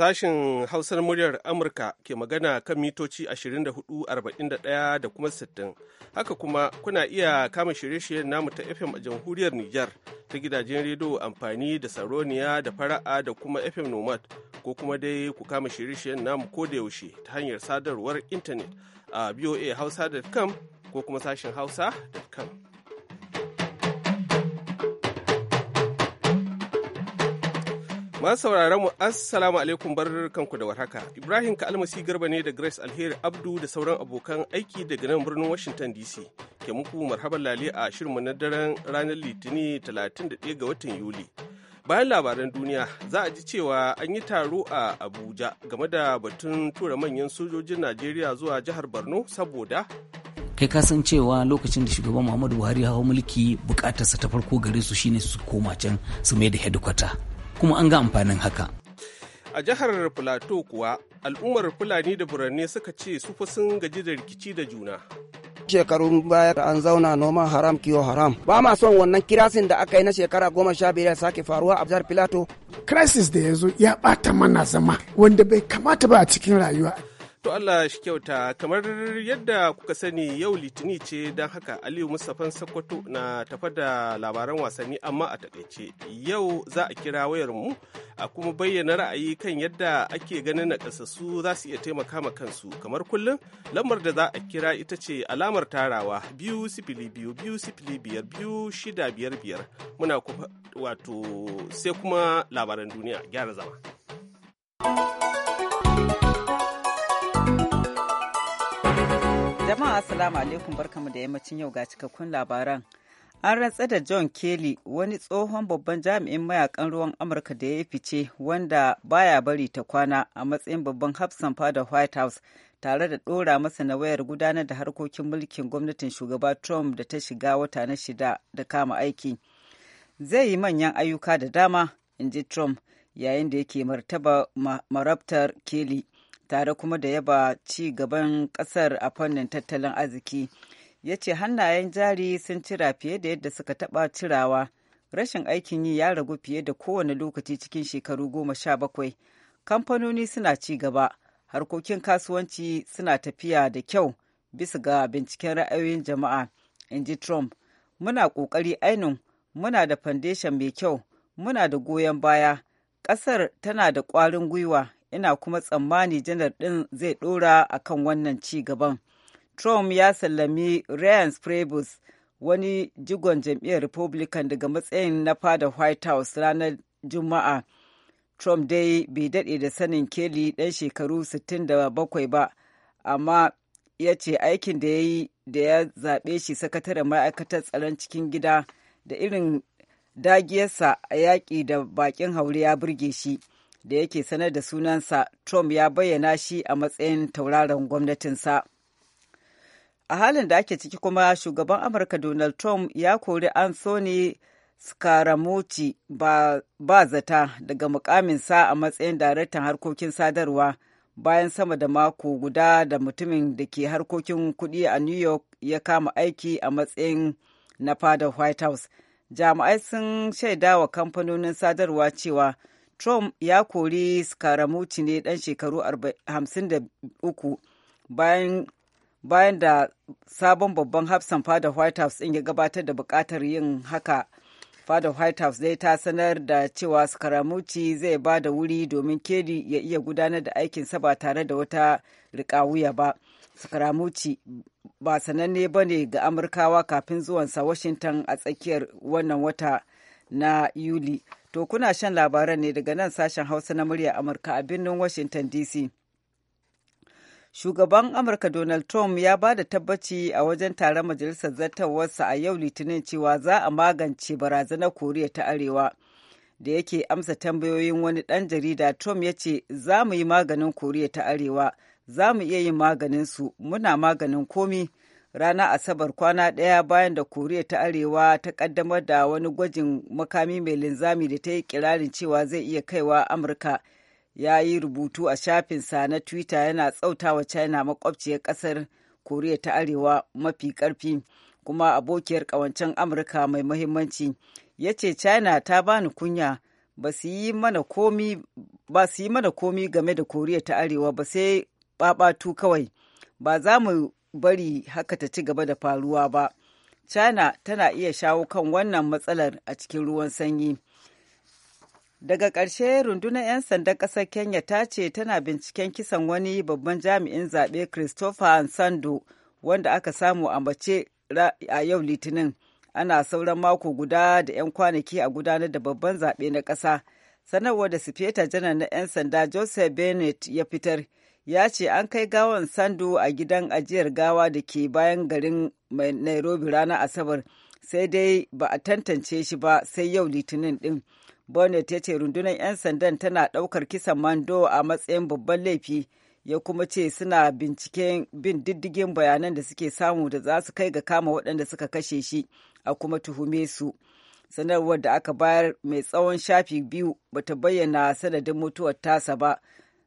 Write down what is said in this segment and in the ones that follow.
Sashen Hausar muryar Amurka ke magana kan mitoci 24,41 da kuma 60. Haka kuma kuna iya kama shirye-shiryen namu ta FM a jamhuriyar Nijar ta gidajen rediyo amfani da Saroniya da Fara'a da kuma FM Nomad ko kuma dai ku kama shirye-shiryen namu ko da yaushe ta hanyar sadarwar intanet a hausa.com ko kuma sashen hausa.com. Masu sauraron mu assalamu alaikum barkanku da warhaka. Ibrahim Ka'almasi Garba ne da Grace Alheri Abdu da sauran abokan aiki daga nan birnin Washington DC. Ke muku marhaban lale a shirinmu na daren ranar Litinin 31 ga watan Yuli. Bayan labaran duniya za a ji cewa an yi taro a Abuja game da batun tura manyan sojojin Najeriya zuwa jihar Borno saboda kai ka san cewa lokacin da shugaban Muhammadu Buhari hawa mulki bukatarsa ta farko gare su shine su koma can su mai da hedikwata. kuma an ga amfanin haka. A jihar Filato kuwa al'ummar Fulani da Burane suka ce su fa sun gaji da rikici da juna. shekarun baya an zauna noman haram kiwo haram ba ma son wannan kirasin da aka yi na shekara goma sha biyar sake faruwa a jihar filato crisis da ya ya bata mana zama wanda bai kamata ba a cikin rayuwa To Allah shi kyauta kamar yadda kuka sani yau litini ce don haka Aliyu Mustapha Sokoto na tafa da labaran wasanni amma a takaice yau za a kira wayar mu a kuma bayyana ra'ayi kan yadda ake ganin nakasassu za su iya taimaka ma kansu kamar kullum lamar da za a kira ita ce alamar tarawa biyu sifili biyu biyu sifili biyar biyu shida biyar biyar muna wato sai kuma labaran duniya gyara zama. Jama'a Assalamu alaikum barkamu da yammacin yau ga cikakkun labaran. An rantsa da John Kelly wani tsohon babban jami'in mayakan ruwan Amurka da ya yi fice wanda baya bari ta kwana a matsayin babban hafsan fada White House tare da dora masa na wayar gudanar da harkokin mulkin gwamnatin shugaba Trump da ta shiga wata na shida da kama aiki. Zai yi manyan ayyuka da dama, in ji Trump yayin da yake martaba marabtar Kelly. tare kuma da yaba ci gaban ƙasar a fannin tattalin arziki. Ya ce hannayen jari sun cira fiye da yadda suka taba cirawa. Rashin aikin yi ya ragu fiye da kowane lokaci cikin shekaru goma sha bakwai. Kamfanoni suna ci gaba, harkokin kasuwanci suna tafiya da kyau bisa ga binciken ra'ayoyin jama'a, in ji Trump. Muna ƙoƙari ainun, muna da foundation mai kyau, muna da goyon baya, ƙasar tana da ƙwarin gwiwa ina kuma tsammani janar ɗin zai ɗora a kan wannan ci gaban. Trump ya sallami Ryan Priebus wani jigon jam'iyyar Republican daga matsayin na fada White House ranar Juma'a. Trump dai bai daɗe da sanin keli ɗan shekaru 67 ba, amma ya ce aikin da ya yi da ya zaɓe shi sakataren ma'aikatar tsaron cikin gida da irin dagiyarsa a yaƙi da baƙin haure ya burge shi. da yake sanar da sunansa trump ya bayyana shi a matsayin tauraron gwamnatinsa a halin da ake ciki kuma shugaban amurka donald trump ya kori anthony scaramucci ba, zata daga mukaminsa a matsayin daraktan harkokin sadarwa bayan sama da mako guda da mutumin da ke harkokin kuɗi a new york ya kama aiki a matsayin na fadar white house jami'ai sun shaidawa kamfanonin sadarwa cewa Trump ya kori Scaramucci ne dan shekaru 53 bayan bayan da sabon babban hafsan fada White House ɗin ya gabatar da bukatar yin haka. Fada White House zai ta sanar da cewa Scaramucci zai ba da wuri domin Kerry ya iya gudanar da aikinsa ba tare da wata riƙawuya ba. Scaramucci ba sananne ba ne ga Amurkawa kafin zuwansa Washington a tsakiyar wannan wata na Yuli. To kuna shan labaran ne daga nan sashen Hausa na murya Amurka a birnin Washington DC. Shugaban Amurka Donald Trump ya ba da tabbaci a wajen taron majalisar zartawarsa a yau Litinin cewa za a magance barazanar Koriya ta Arewa. Da yake amsa tambayoyin wani ɗan jarida, Trump ya ce, Za mu yi maganin Koriya ta Arewa, za mu iya yin maganin su muna maganin komi, ranar asabar kwana ɗaya bayan da koriya ta arewa ta ƙaddamar da wani gwajin makami mai linzami da ta yi kirarin cewa zai iya kaiwa amurka ya yi rubutu a shafinsa na twitter yana tsautawa china makwabciyar ƙasar koriya ta arewa mafi ƙarfi kuma abokiyar ƙawancen amurka mai mahimmanci ya ce china ta bani kunya ba su yi mana komi game da koriya ta arewa ba sai babatu kawai ba za mu bari haka ta ci gaba da faruwa ba china tana iya shawo kan wannan matsalar a cikin ruwan sanyi daga ƙarshe rundunar 'yan sandan ƙasar kenya ta ce tana binciken kisan wani babban jami'in zaɓe christopher sando wanda aka samu a mace a yau litinin ana sauran mako guda da 'yan kwanaki a gudanar da babban zaɓe na ƙasa sanarwar da sifeta janar na 'yan sanda joseph bennett ya fitar ya ce an kai gawan Sandu a gidan ajiyar gawa da ke bayan garin Nairobi ranar Asabar sai dai ba a tantance shi ba sai yau litinin din. Bonnet ya ce rundunar 'yan sandan tana daukar kisan Mando a matsayin babban laifi ya kuma ce suna binciken bin diddigin bayanan da suke samu da za su kai ga kama waɗanda suka kashe shi a kuma tuhume su. Sanarwar da aka bayar mai tsawon shafi biyu bata bayyana sanadin mutuwar tasa ba.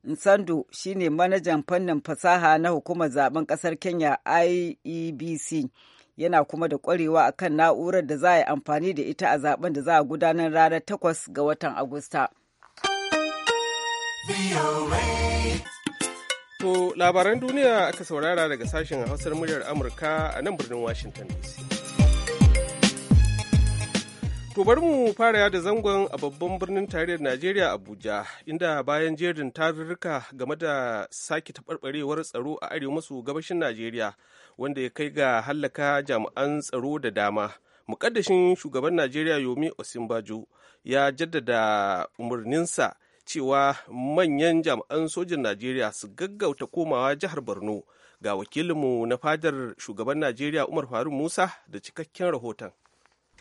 Nsando shine manajan fannin fasaha na hukumar zaben ƙasar Kenya IEBC. Yana kuma da kwarewa kan na'urar da za a yi amfani da ita a zaben da za a gudanar ranar takwas ga watan Agusta. To labaran duniya aka saurara daga sashen hausar muryar Amurka a nan birnin Washington DC. To bari mu fara yada zangon a babban birnin tarayyar Najeriya Abuja, inda bayan jerin tarurruka game da sake taɓarɓarewar tsaro a arewa maso gabashin Najeriya, wanda ya kai ga hallaka jami'an tsaro da dama. Mukaddashin shugaban Najeriya Yomi Osinbajo ya jaddada umarninsa cewa manyan jami'an sojin Najeriya su gaggauta komawa jihar Borno ga wakilinmu na fadar shugaban Najeriya Umar Faruk Musa da cikakken rahoton.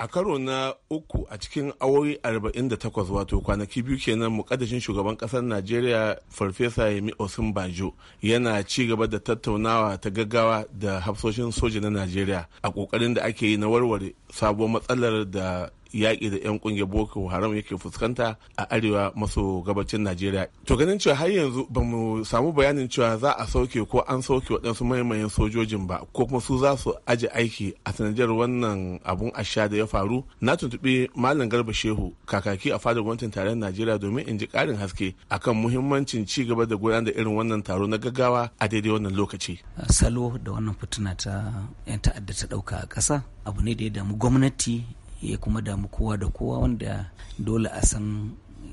a karo na uku a cikin awowi 48 wato kwanaki biyu kenan mukaddashin shugaban kasar najeriya farfesa yemi osin bajo yana ci gaba da tattaunawa ta gaggawa da hafsoshin soja na najeriya a kokarin da ake yi na warware sabuwar matsalar da yaƙi da 'yan ƙungiyar boko haram yake fuskanta a arewa maso gabacin najeriya to ganin cewa har yanzu ba mu samu bayanin cewa za a sauke ko an sauke waɗansu maimayin sojojin ba ko kuma su za su aje aiki a sanadiyar wannan abun asha da ya faru na tuntuɓi malam garba shehu kakaki a fadar gwamnatin tarayyar najeriya domin in ji ƙarin haske akan muhimmancin ci gaba da gudanar da irin wannan taro na gaggawa a daidai wannan lokaci salo da wannan fitina ta 'yan ta'adda ta ɗauka a ƙasa abu ne da ya damu gwamnati ya kuma damu kowa da kowa wanda dole a san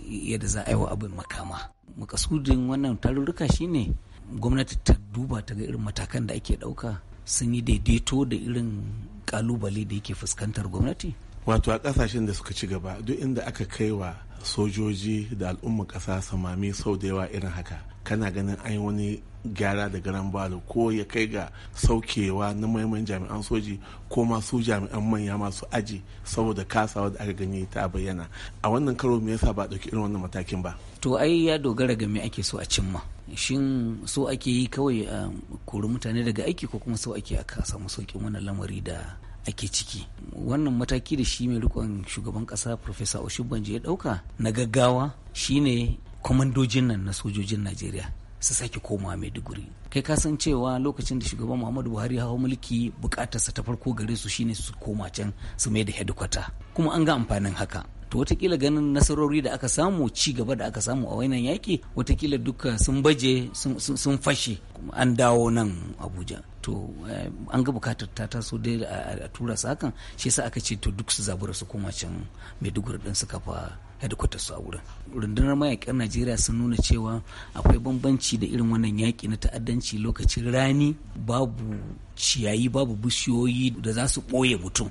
yadda za a yi wa abin makama makasudin wannan tarurruka shine gwamnati ta duba ta ga irin matakan da ake ɗauka sun yi daidaito da irin kalubale da yake fuskantar gwamnati wato a kasashen da suka ci gaba duk inda aka kai wa sojoji da al'umman ƙasa samami sau da yawa irin haka kana ganin an yi wani gyara da garan balo ko ya kai ga saukewa na maiman jami'an soji ko masu jami'an manya masu aji saboda kasawa da aka gani ta bayyana a wannan karo me yasa ba dauki irin wannan matakin ba to ai ya dogara ga me ake so a cimma shin so ake yi kawai a eh, kori mutane daga aiki ko kuma so ake a samu saukin wannan lamari da ake ciki wannan mataki da shi mai rikon shugaban kasa professor oshibanje ya dauka na gaggawa shine kwamandojin nan na sojojin najeriya su sake komawa maiduguri kai ka san cewa lokacin da shugaban muhammadu buhari ya hau mulki bukatarsa ta farko gare su shine su koma can su mai da hedikwata kuma an ga amfanin haka to watakila ganin nasarori da aka samu ci gaba da aka samu a wannan yaki watakila duka sun baje sun fashe an dawo nan abuja to eh, an ga bukatar ta taso dai a tura su hakan shi yasa aka ce to duk su zabura su koma can maiduguri din su kafa hedikwatar su a wurin rundunar mayakan najeriya sun nuna cewa akwai bambanci da irin wannan yaƙi na ta'addanci lokacin rani babu ciyayi babu bishiyoyi da za su ɓoye mutum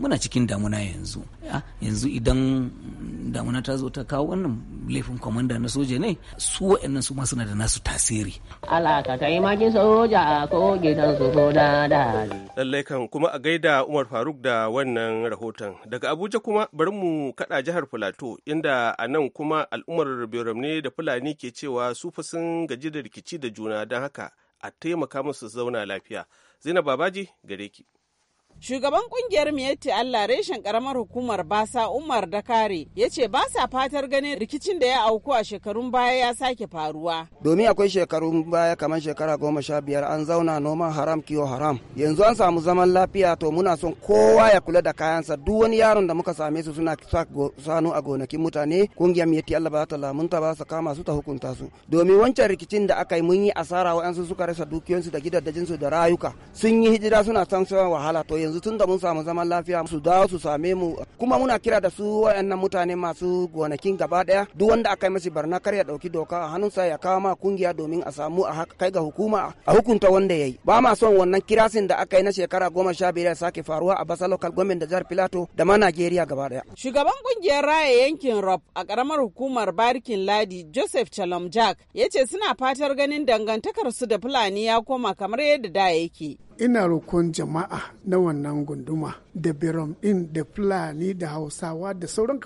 muna cikin damuna yanzu yanzu idan damuna ta zo ta kawo wannan laifin kwamanda na soja ne su wa'annan su suna da nasu tasiri alaka makin soja ko gidan su ko lallai kan kuma a gaida umar faruk da wannan rahoton daga abuja kuma bari mu kaɗa jihar filato inda a nan kuma al'ummar ne da fulani ke cewa su fa sun gaji da rikici da juna don haka a taimaka musu zauna lafiya zainab babaji gare ki Shugaban kungiyar Miyatti Allah reshen karamar hukumar Basa Umar Dakare ya ce ba sa fatar ganin rikicin da ya auku a shekarun baya ya sake faruwa. Domin akwai shekarun baya kamar shekara goma sha biyar an zauna noman haram kiwo haram. Yanzu an samu zaman lafiya to muna son kowa ya kula da kayansa duk wani yaron da muka same su suna sanu a gonakin mutane kungiyar Miyatti Allah ba ta lamunta ba su kama su ta hukunta su. Domin wancan rikicin da aka yi mun yi asara wa'yansu suka rasa dukiyansu da gidajensu da rayuka sun yi hijira suna san wahala to yanzu tun da mun samu zaman lafiya su dawo su same mu kuma muna kira da su wayannan mutane masu gonakin gaba daya duk wanda aka yi mashi barna kar ya dauki doka a sa ya kawo ma kungiya domin a samu a kai ga hukuma a hukunta wanda yayi ba ma son wannan kirasin da aka yi na shekara goma sha biyar sake faruwa a basa local government da jihar Filato da ma nigeria gaba daya shugaban kungiyar raya yankin Rob a karamar hukumar barkin Ladi Joseph Chalom Jack ya ce suna fatar ganin dangantakar su da Fulani ya koma kamar yadda da yake ina rokon jama'a na wannan gunduma da biram ɗin da fulani da hausawa da sauran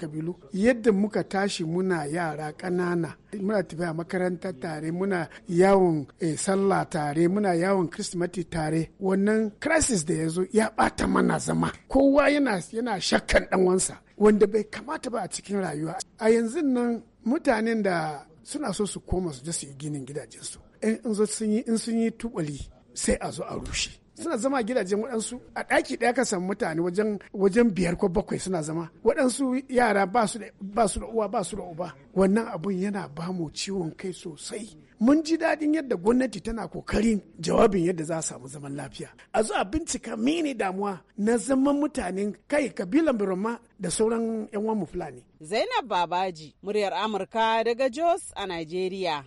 kabilu yadda muka tashi muna yara ƙanana muna tafiya makaranta tare muna yawon eh, sallah tare muna yawon kristimati tare wannan crisis da ya zo ya ɓata mana zama kowa yana shakkan ɗanwansa wanda bai kamata ba a cikin rayuwa a yanzu nan mutanen da suna so su koma su je su yi ginin gidajensu in sun yi tubali sai a zo a rushe suna zama gidajen waɗansu a ɗaki ɗaya ka samu mutane wajen biyar ko bakwai suna zama waɗansu yara ba su da uwa ba su da uba wannan abun yana ba mu ciwon kai sosai mun ji daɗin yadda gwamnati tana kokarin jawabin yadda za a samu zaman lafiya a zo a bincika mini damuwa na zaman mutanen kai kabilan birama da sauran yan mu fulani zainab babaji muryar amurka daga jos a nigeria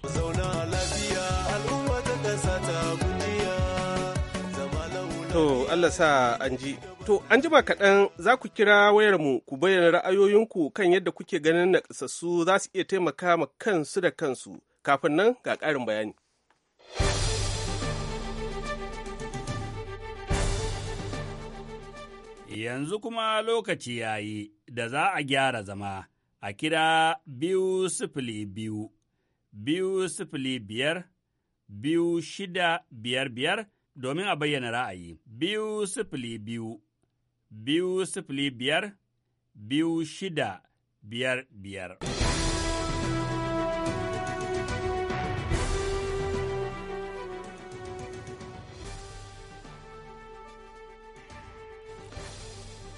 To Allah sa an ji. To an ba kaɗan za ku kira wayarmu ku bayyana ra'ayoyinku kan yadda kuke ganin naƙasassu za su iya taimaka ma kansu da kansu. Kafin nan ga ƙarin bayani. Yanzu kuma lokaci ya yi da za a gyara zama a kira biyu sifili biyu, biyu sifili biyar, biyu shida biyar biyar domin a bayyana ra'ayi. Biyu sifili biyu, biyu sifili biyar, biyu shida biyar biyar.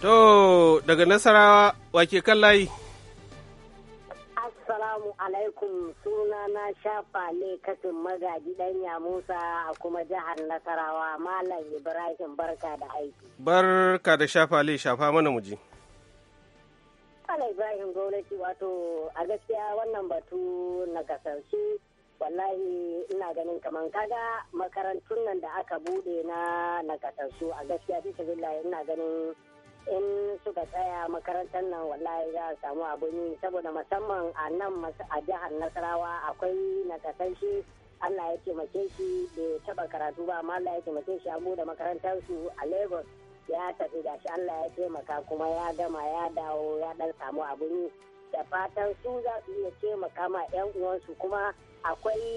To, daga Nasarawa, wake kan layi. Assalamu alaikum suna na shafa ne kasin magaji ɗanya Musa a kuma jihar Nasarawa Malam Ibrahim barka da aiki. Barka da shafa le shafa mana muji. Malam Ibrahim gwamnati wato a gaskiya wannan batu na kasance wallahi ina ganin kamar kaga makarantun nan da aka bude na nakasassu a gaskiya bisa billahi ina ganin in suka tsaya makarantar nan wallahi za a samu abin yi saboda musamman a nan a jihar nasarawa akwai nakasashe allah ya taimake shi bai taba karatu ba amma allah ya taimake shi an bude makarantar su a lagos ya tafi gashi allah ya taimaka kuma ya gama ya dawo ya dan samu abin yi da fatan su za su iya taimaka makama 'yan uwansu kuma akwai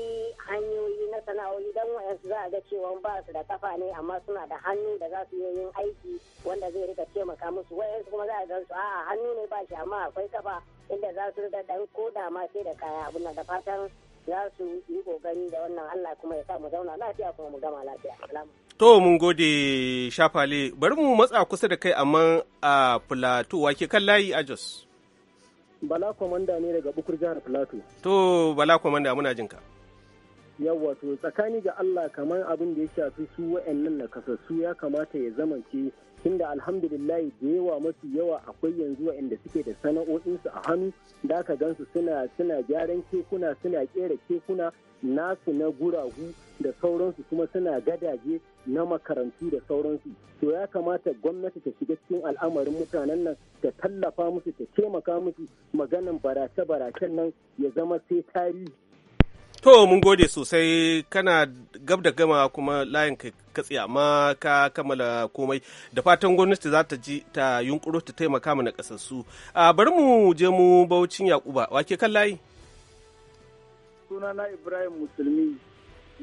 hanyoyi na sana'o'i don wayansu za a ga cewa ba su da kafa ne amma suna da hannu da za su iya yin aiki wanda zai rika taimaka musu wayansu kuma za a gan su a'a hannu ne ba shi amma akwai kafa inda za su da dan koda ma sai da kaya abin da fatan za su yi kokari da wannan Allah kuma ya sa mu zauna lafiya kuma mu gama lafiya To mun gode shafale bari mu matsa kusa da kai amma a plateau wake kan layi a Jos. Bala Komanda ne daga Bukur Jihar Plateau. To Bala Komanda muna jinka. yawa to tsakani ga Allah kamar abin da ya shafi su wa'annan nakasassu ya kamata ya zamance tunda alhamdulillah da yawa mafi yawa akwai yanzu wa'anda suke da sana'o'insu a hannu da aka gansu suna suna gyaran kekuna suna kera kekuna nasu na guragu da sauransu kuma suna gadaje na makarantu da sauransu to ya kamata gwamnati ta shiga cikin al'amarin mutanen nan ta tallafa musu ta taimaka musu maganan barace-baracen nan ya zama sai tarihi To mun gode sosai kana gab da gama kuma layin ka katsi amma ka kammala komai da fatan gwamnati za ta ji ta yunkuro ta taimaka mana kasassu. A bari mu je mu Baucin Yakuba wake kan layi. Sunana Ibrahim Musulmi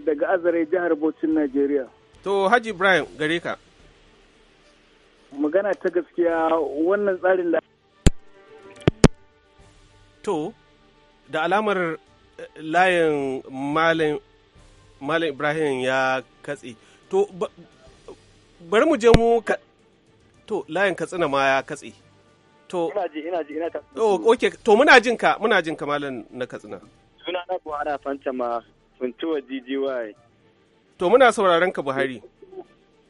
daga Azare jihar Bauchin Najeriya. To Haji Ibrahim gare ka. Magana ta gaskiya wannan tsarin da To da alamar layin malam ibrahim ya katse to bari mu je mu ka to layin katsina ma ya katse to ina ji ina ji ina ka okay to muna jin ka muna jin ka malam na katsina suna na buhari ma funtuwa ggy to muna sauraron ka buhari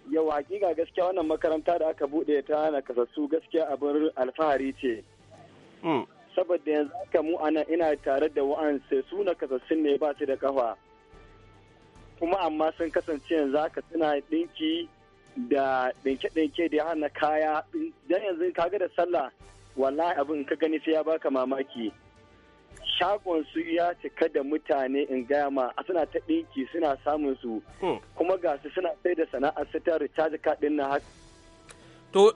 waƙi hakika gaskiya wannan makaranta da aka bude ta na kasassu gaskiya abin alfahari ce hmm. saboda yanzu haka mu ana ina tare da wa'ansu su na kasassun ne ba su da kafa kuma amma sun kasance yanzu haka suna dinki da dinke-dinke da hana kaya dan yanzu kaga da sallah wallahi abin ka gani sai ya baka mamaki shagon su ya cika da mutane in gaya ma suna ta dinki suna samun su hmm. kuma ga su suna sai da sana'ar su ta recharge card din na haka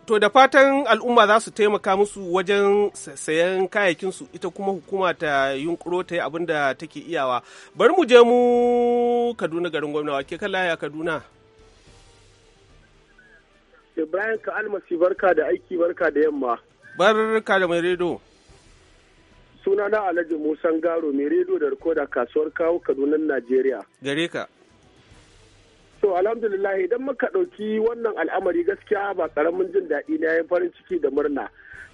To, da fatan al'umma za su taimaka musu wajen sayan kayakinsu ita kuma hukuma ta yunkuro ta yi abin da take iyawa. Bari mu je mu Kaduna garin gwamna ke kan ya Kaduna. Ibrahim eh, ka almasi barka da aiki barka da yamma. Barka da mai redo. Sunana Alhaji Musan Garo mai redo da rikoda kasuwar kawo Kaduna Najeriya. Gare ka. so alhamdulillah idan muka ɗauki wannan al'amari gaskiya ba karamin jin daɗi na ya farin ciki da murna.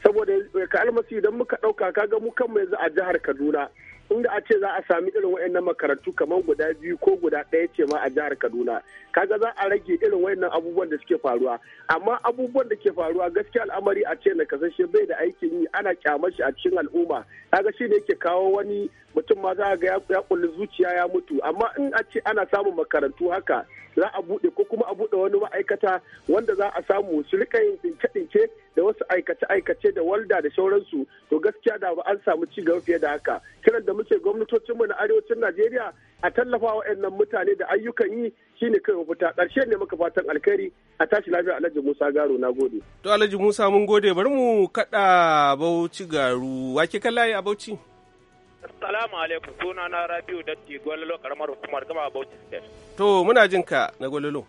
Saboda eh, ka almasi idan muka ɗauka kaga mu kan yanzu a jihar Kaduna inda a ce za a sami irin wayannan makarantu kamar guda biyu ko guda ɗaya ce ma a jihar Kaduna kaga za a rage irin wayannan abubuwan da suke faruwa amma abubuwan da ke faruwa gaskiya al'amari a ce na kasashe bai da aikin yi ana kyamar shi a cikin al'umma kaga shi ne yake kawo wani mutum ma za ga ya kulli zuciya ya mutu amma in a ce ana samun makarantu haka za a buɗe ko kuma a buɗe wani ma'aikata wanda za a samu su rika yin tsince da wasu aikace-aikace da walda da sauransu to gaskiya da ba an samu ci gaba fiye da haka kiran da muke gwamnatocinmu na arewacin najeriya a tallafa wa mutane da ayyukan yi shine kai mafita ƙarshe ne maka fatan alkhairi a tashi lafiya alhaji musa garo na gode to alhaji musa mun gode bari mu kaɗa bauchi garu wake layi a bauchi Assalamu alaikum suna na Rabiu Datti Gwalolo karamar hukumar gama Bauchi State. To muna jinka na Gwalolo.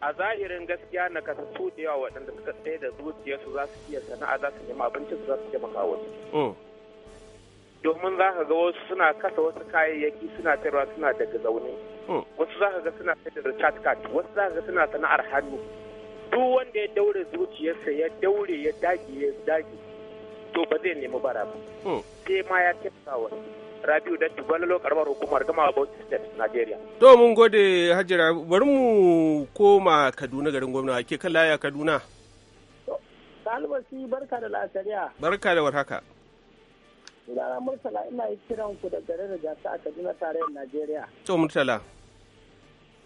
a zahirin gaskiya na kasa su da yawa waɗanda suka tsaye da zuciyarsu za su iya sana'a za su nema abincin su za su taimaka wasu. Oh. Domin za ka ga wasu suna kasa wasu kayayyaki suna tarwa suna daga zaune. Oh. Wasu za ka ga suna sayar da chat card, wasu za ka ga suna sana'ar hannu. Duk wanda ya daure zuciyarsa ya daure ya dage ya dage to ba zai nemi bara ba. Oh. Sai ma ya taimaka wasu. Rabiu Datti Gwalalo karamar hukumar Gama Bauchi State Nigeria. To mun gode Hajira bari mu koma Kaduna garin gwamna ke kan laya Kaduna. Kalmasi barka da lasariya. Barka da warhaka. Sunana Murtala ina yi kiran ku da garin Rigasa a Kaduna tarayyar Najeriya. To Murtala.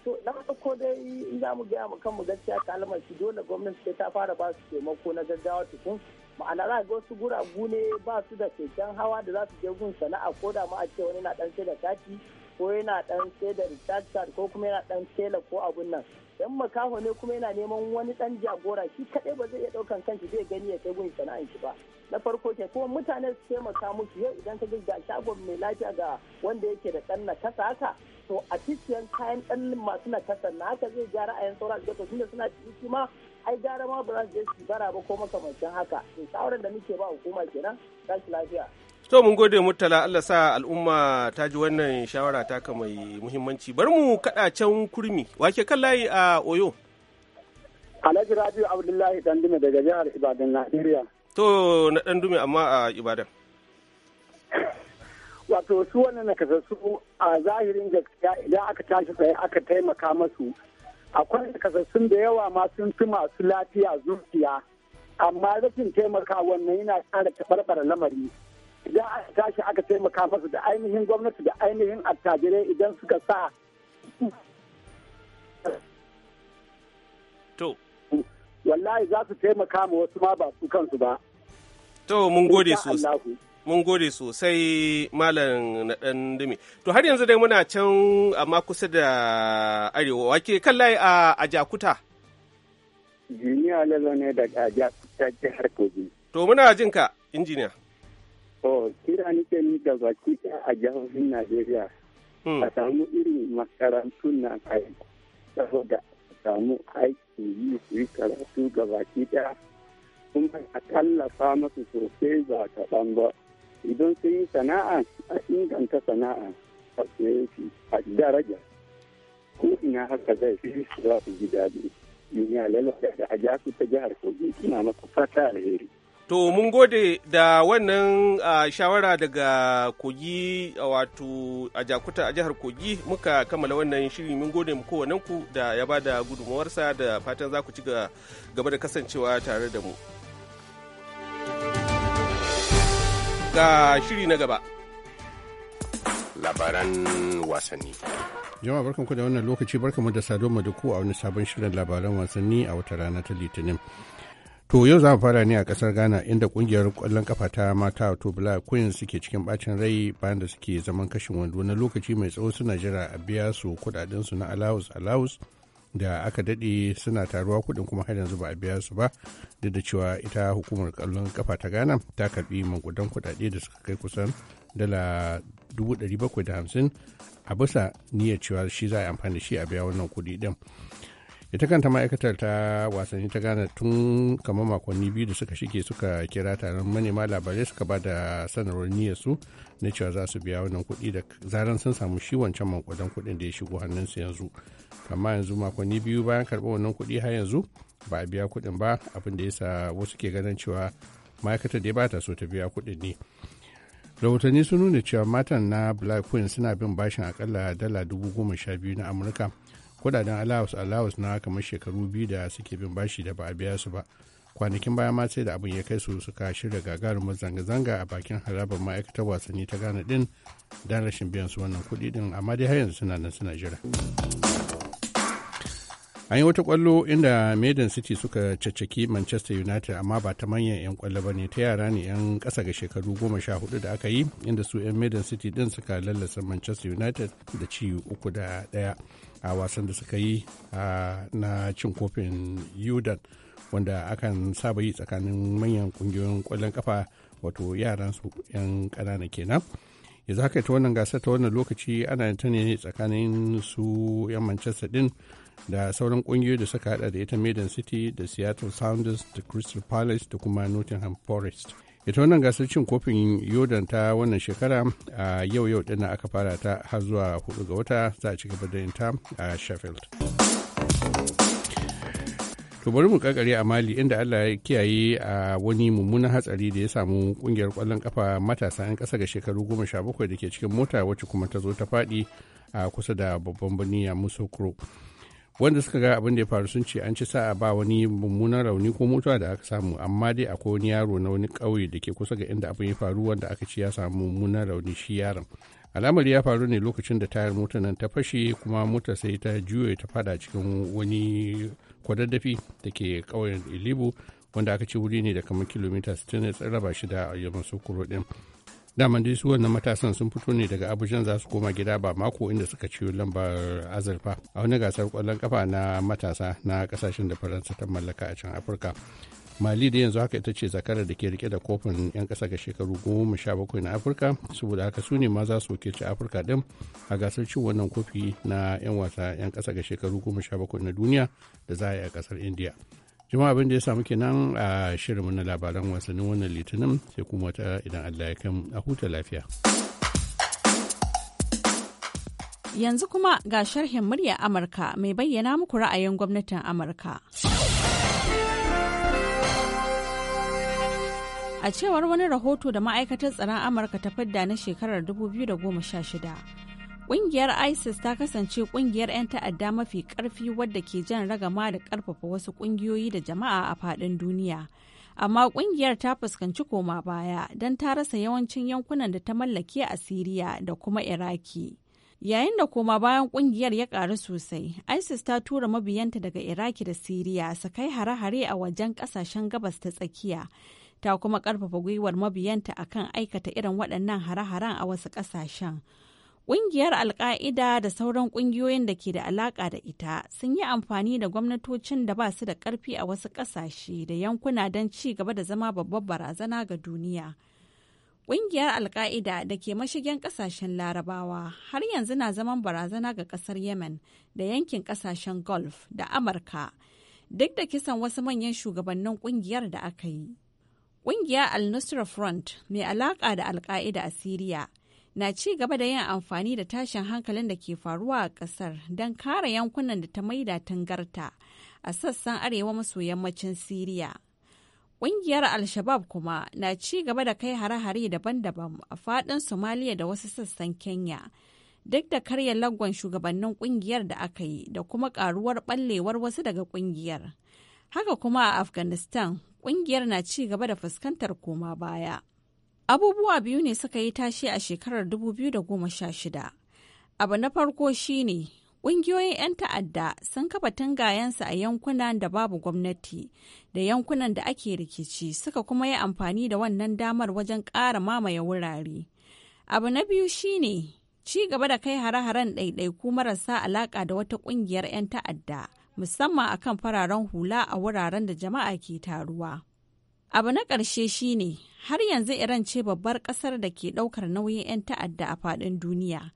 To na farko dai in za mu gaya mu kanmu gaskiya shi dole gwamnati ta fara ba su taimako na gaggawa tukun ma'ana za ga wasu guragu ne ba su da keken hawa da za su je gun sana'a ko da ma a ce wani na dan da kati ko yana dan da recharge ko kuma yana dan tela ko abun nan yan makaho ne kuma yana neman wani dan jagora shi kadai ba zai iya daukan kanshi zai gani ya kai gun sana'an shi ba na farko ke kuma mutane su taimaka musu yau idan ka ga shagon mai lafiya ga wanda yake da dan nakasa haka to a cikin kayan dan masu nakasa na haka zai ja ra'ayin saura da tunda suna ciki ma ai gara ma ba za su je bara ba ko makamancin haka in shawarar da muke ba hukuma kenan tashi lafiya to mun gode murtala Allah sa al'umma ta ji wannan shawara taka mai muhimmanci bari mu kada can kurmi wake kan layi a Oyo Alhaji Rabiu Abdullahi Dandume daga jihar Ibadan Najeriya to na Dandume amma a Ibadan wato su wannan nakasassu a zahirin gaskiya idan aka tashi tsaye aka taimaka masu akwai kasassun da yawa ma sun fi masu lafiya zuciya amma rashin taimaka wannan yana kara taɓarɓara lamari idan aka tashi aka taimaka masa da ainihin gwamnati da ainihin attajirai idan suka sa to wallahi za su taimaka ma wasu ma ba su kansu ba to mun gode sosai mun gode sosai malam na ɗan dumi to har yanzu dai muna can amma kusa da arewa wake kan layi a ajakuta jiniya lalo ne da ajakuta jihar kogi to muna jin ka injiniya o kira nike ni da baki a jihohin najeriya hmm. a samu irin makarantun na kayan saboda samu aiki yi su yi karatu ga baki kuma a tallafa masu sosai ba kaɗan ba idan sun yi sana'a a inganta sana'a a tsayanci a daraja ko ina haka zai fi za su ji daɗi ya lalata da a ja ta jihar kogi suna maka fata alheri To mun gode da wannan shawara daga kogi wato a jakuta a jihar kogi muka kammala wannan shiri mun gode mu kowannen ku da ya bada gudunmawarsa da fatan za ku ci gaba da kasancewa tare da mu. Ga shiri na gaba. Labaran wasanni. Jama'a barkanku da wannan lokaci barkanmu da saduwa da ku a wani sabon shirin labaran wasanni a wata rana ta Litinin. To yau za mu fara ne a kasar Ghana inda kungiyar kwallon kafa ta mata wato Black Queens suke cikin bacin rai bayan da suke zaman kashin wando na lokaci mai tsawo suna jira a biya su kudaden su na allowance allowance da aka daɗe suna taruwa kuɗin kuma har yanzu ba a biya su ba duk da cewa ita hukumar kallon kafa ta ghana ta karbi mangudan kuɗaɗe da suka kai kusan dala 750 a bisa niyyar cewa shi za a amfani shi a biya wannan kuɗi ɗin ita kanta ma'aikatar ta wasanni ta gane tun kamar makonni biyu da suka shige suka kira taron manema labarai suka ba da sanarwar niyyar su na cewa za su biya wannan kuɗi da zaran sun samu shi wancan mankudan kuɗin da ya shigo hannunsu yanzu amma yanzu makonni biyu bayan karɓar wannan kuɗi har yanzu ba a biya kuɗin ba abin da yasa wasu ke ganin cewa ma'aikatar da ya bata so ta biya kuɗin ne rahotanni sun nuna cewa matan na black queen suna bin bashin akalla dala dubu goma sha biyu na amurka kudaden allowance allowance na kamar shekaru biyu da suke bin bashi da ba a biya su ba kwanakin baya ma sai da abin ya kai su suka shirya gagarumar zanga-zanga a bakin harabar ma'aikatar wasanni ta ghana din don rashin biyan su wannan kuɗi din amma dai har yanzu suna nan suna jira. an yi wata kwallo inda maiden city suka caccaki manchester united amma ba ta manyan 'yan kwallo ba ne ta yara ne 'yan kasa ga shekaru goma sha hudu da aka yi inda su 'yan maiden city din suka lallasa manchester united da ci uku da daya a wasan da suka yi na cin kofin yudan wanda akan saba yi tsakanin manyan kungiyoyin kwallon kafa wato yaran su 'yan kanana kenan yanzu haka ta wannan gasa ta wannan lokaci ana ta ne tsakanin su 'yan manchester din da sauran kungiyoyi da suka hada da ita Maiden City da Seattle Sounders da Crystal Palace da kuma Nottingham Forest. Ita wannan gasar cin kofin Yodan ta wannan shekara a yau yau dana aka fara ta har zuwa hudu ga wata za a ci gaba da yin ta a Sheffield. to bari mu kakari a mali inda allah ya kiyaye a wani mummunan hatsari da ya samu kungiyar kwallon kafa matasa 'yan kasa ga shekaru goma sha bakwai da ke cikin mota wacce kuma ta zo ta faɗi a kusa da babban birni ya musokro wanda suka ga abin da ya faru sun ce an ci sa'a ba wani mummunan rauni ko mutuwa da aka samu amma dai akwai wani yaro na wani ƙauye da ke kusa ga inda abin ya faru wanda aka ci ya samu mummunan rauni shi yaron al'amari ya faru ne lokacin da tayar mota nan ta fashe kuma mota sai ta juya ta fada cikin wani kwadaddafi da ke ƙauyen ilibu wanda aka ci wuri ne da kamar kilomita 60 na raba shi da yamma sokoro din daman dai su wannan matasan sun fito ne daga abuja za su koma gida ba mako inda suka ciyo lambar azurfa a wani gasar kwallon kafa na matasa na kasashen da faransa ta mallaka a can afirka mali da yanzu haka ita ce zakarar da ke rike da kofin 'yan kasa ga shekaru goma sha bakwai na afirka saboda haka su ne ma za su ci afirka din a gasar cin wannan kofi na 'yan wasa 'yan kasa ga shekaru goma sha bakwai na duniya da za a yi a kasar india juma abin da ya samu kenan a shirinmu na labaran wasannin wannan litinin sai kuma wata idan allah ya kan a huta lafiya yanzu kuma ga sharhin murya amurka mai bayyana muku ra'ayin gwamnatin amurka a cewar wani rahoto da ma'aikatar tsaron amurka ta fadda na shekarar 2016 Ƙungiyar ISIS ta kasance ƙungiyar 'yan ta'adda mafi ƙarfi wadda ke jan ragama da ƙarfafa wasu ƙungiyoyi da jama'a a faɗin duniya. Amma ƙungiyar ta fuskanci koma baya don ta rasa yawancin yankunan da ta mallake a Siriya da kuma Iraki. Yayin da koma bayan ƙungiyar ya ƙaru sosai, ISIS ta tura mabiyanta daga Iraki da Siriya su kai hare-hare a wajen ƙasashen gabas ta tsakiya. Ta kuma ƙarfafa gwiwar mabiyanta akan aikata irin waɗannan hare-haren a wasu ƙasashen. Ƙungiyar Alƙa'ida da sauran ƙungiyoyin da ke da alaƙa da ita sun yi amfani da gwamnatocin da ba su da ƙarfi a wasu ƙasashe da yankuna don ci gaba da zama babbar barazana ga duniya. Ƙungiyar Alƙa'ida da ke mashigen ƙasashen Larabawa har yanzu na zaman barazana ga ƙasar Yemen da yankin ƙasashen Gulf da Amurka duk da kisan wasu manyan shugabannin ƙungiyar da aka yi. Ƙungiyar Al-Nusra Front mai alaƙa da Alƙa'ida a Siriya na ci gaba da yin amfani da tashin hankalin da ke faruwa a ƙasar don kare yankunan da ta maida tangarta a sassan arewa maso yammacin Siriya. Ƙungiyar Al-Shabab kuma na ci gaba da kai hare-hare daban-daban a faɗin Somaliya da wasu sassan Kenya. Duk da karya lagwan shugabannin ƙungiyar da aka yi da kuma ƙaruwar ɓallewar wasu daga ƙungiyar. Haka kuma a Afghanistan, ƙungiyar na ci gaba da fuskantar koma baya. Abubuwa biyu ne suka yi tashi a shekarar 2016. Abu na farko shine ƙungiyoyin 'yan ta'adda sun kafa tangayensu a yankunan da babu gwamnati da yankunan da ake rikici suka kuma yi amfani da wannan damar wajen ƙara mamaye wurare. Abu na biyu shine ci gaba da kai hare-haren ɗaiɗaiku marasa alaƙa da wata ƙungiyar 'yan ta'adda musamman akan fararen hula a wuraren da jama'a ke taruwa. Abu na ƙarshe shine har yanzu Iran ce babbar ƙasar da ke ɗaukar nauyin 'yan ta'adda a faɗin duniya.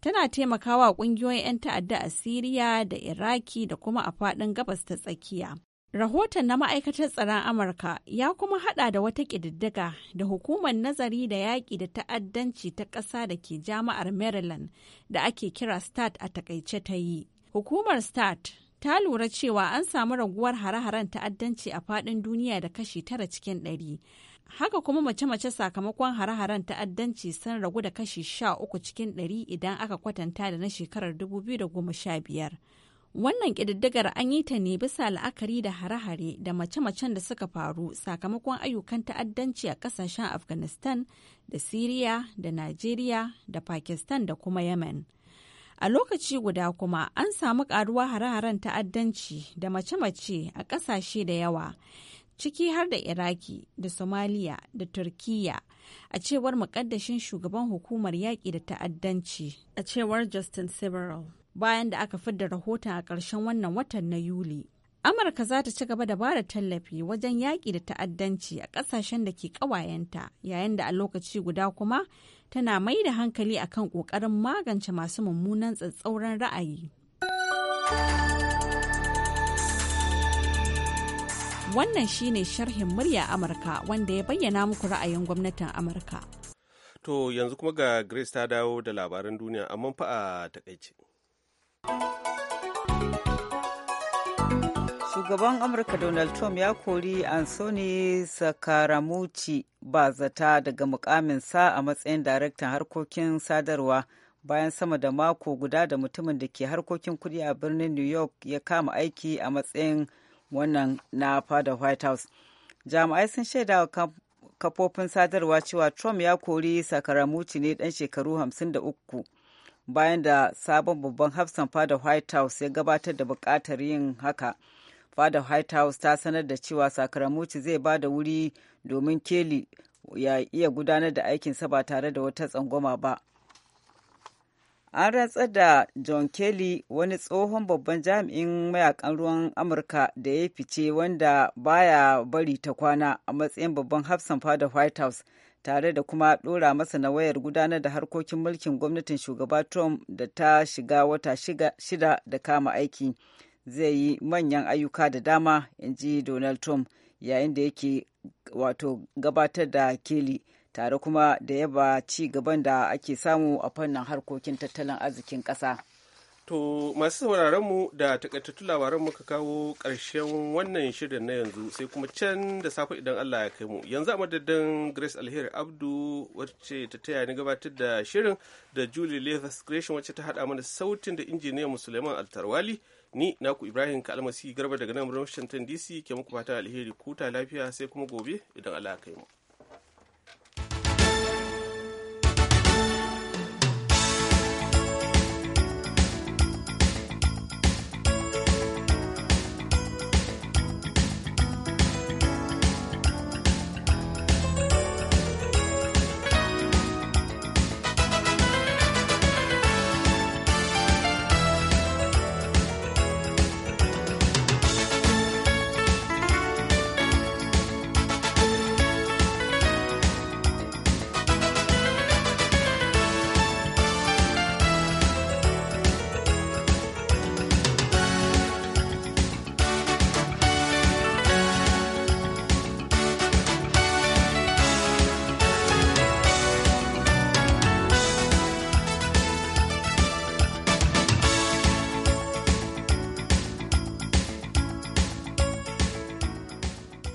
Tana taimakawa ƙungiyoyin 'yan ta'adda a Siriya da Iraki da kuma a faɗin gabas ta tsakiya. Rahoton na ma'aikatar tsaron Amurka ya kuma haɗa da wata ƙididdiga da hukumar nazari da yaƙi da ta'addanci ta ƙasa da ke jama'ar Maryland da ake kira START a takaice ta yi. Hukumar START ta lura cewa an samu raguwar hare-haren ta'addanci a fadin duniya da kashi tara cikin ɗari. Haka kuma mace-mace sakamakon hare-haren ta'addanci sun ragu da kashi sha uku cikin ɗari idan aka kwatanta da na shekarar 2015. Wannan ƙididdigar an yi ta ne bisa la'akari da hare-hare da mace-macen da suka faru sakamakon ayyukan ta'addanci a ƙasashen Afghanistan da Siriya da Najeriya da Pakistan da kuma Yemen. A lokaci guda kuma an samu karuwa hare-haren ta'addanci da mace-mace a ƙasashe da yawa, ciki har da Iraki da Somaliya da Turkiyya, a cewar muƙaddashin shugaban hukumar yaƙi da ta'addanci a cewar Justin Severo bayan da aka fidda rahoton a ƙarshen wannan watan na Yuli. Amurka za ta ci gaba da bada tallafi wajen yaƙi da ta'addanci a ƙasashen da ke ƙawayenta yayin da a lokaci guda kuma tana mai da hankali a kan ƙoƙarin magance masu mummunan tsatsauran ra'ayi. Wannan shi ne sharhin murya Amurka wanda ya bayyana muku ra'ayin gwamnatin Amurka. To yanzu kuma ga Grace ta dawo da labaran duniya amma fa a takaice. shugaban amurka donald trump ya kori anthony sakaramuci ba zata daga mukaminsa a matsayin daraktan harkokin sadarwa bayan sama da mako guda da mutumin da ke harkokin kudi a birnin new york ya kama aiki a matsayin wannan na fada white house jami'ai sun shaida wa kafofin sadarwa cewa trump ya kori sakaramuci ne dan shekaru 53 bayan da sabon babban hafsan fada white house ya gabatar da bukatar yin haka fada white house ta sanar da cewa sakaramuci zai ba da wuri domin keli ya iya gudanar da aikinsa ba tare da wata tsangwama ba an rantsar da john kelly wani tsohon babban jami'in mayakan ruwan amurka da ya fice wanda baya bari ta kwana a matsayin babban hafsan fadar white house tare da kuma ɗora masa na wayar gudanar da harkokin mulkin gwamnatin shugaba trump da ta shiga wata shida da kama aiki zai yi manyan ayyuka da dama in ji donald trump yayin da yake wato gabatar da keli tare kuma da yaba ci gaban da ake samu a fannin harkokin tattalin arzikin ƙasa. To masu mu da takaitattu labaran muka kawo ƙarshen wannan shirin na yanzu sai kuma can da safe idan Allah ya kai mu. Yanzu a madadin Grace Alheri Abdu wacce ta taya ni gabatar da shirin da Julie leather creation wacce ta haɗa mana sautin da injiniyan Musulman Altarwali. ni naku ibrahim kalmasi garba daga nan washington dc ke muku fata alheri kuta lafiya sai kuma gobe idan allah yi mu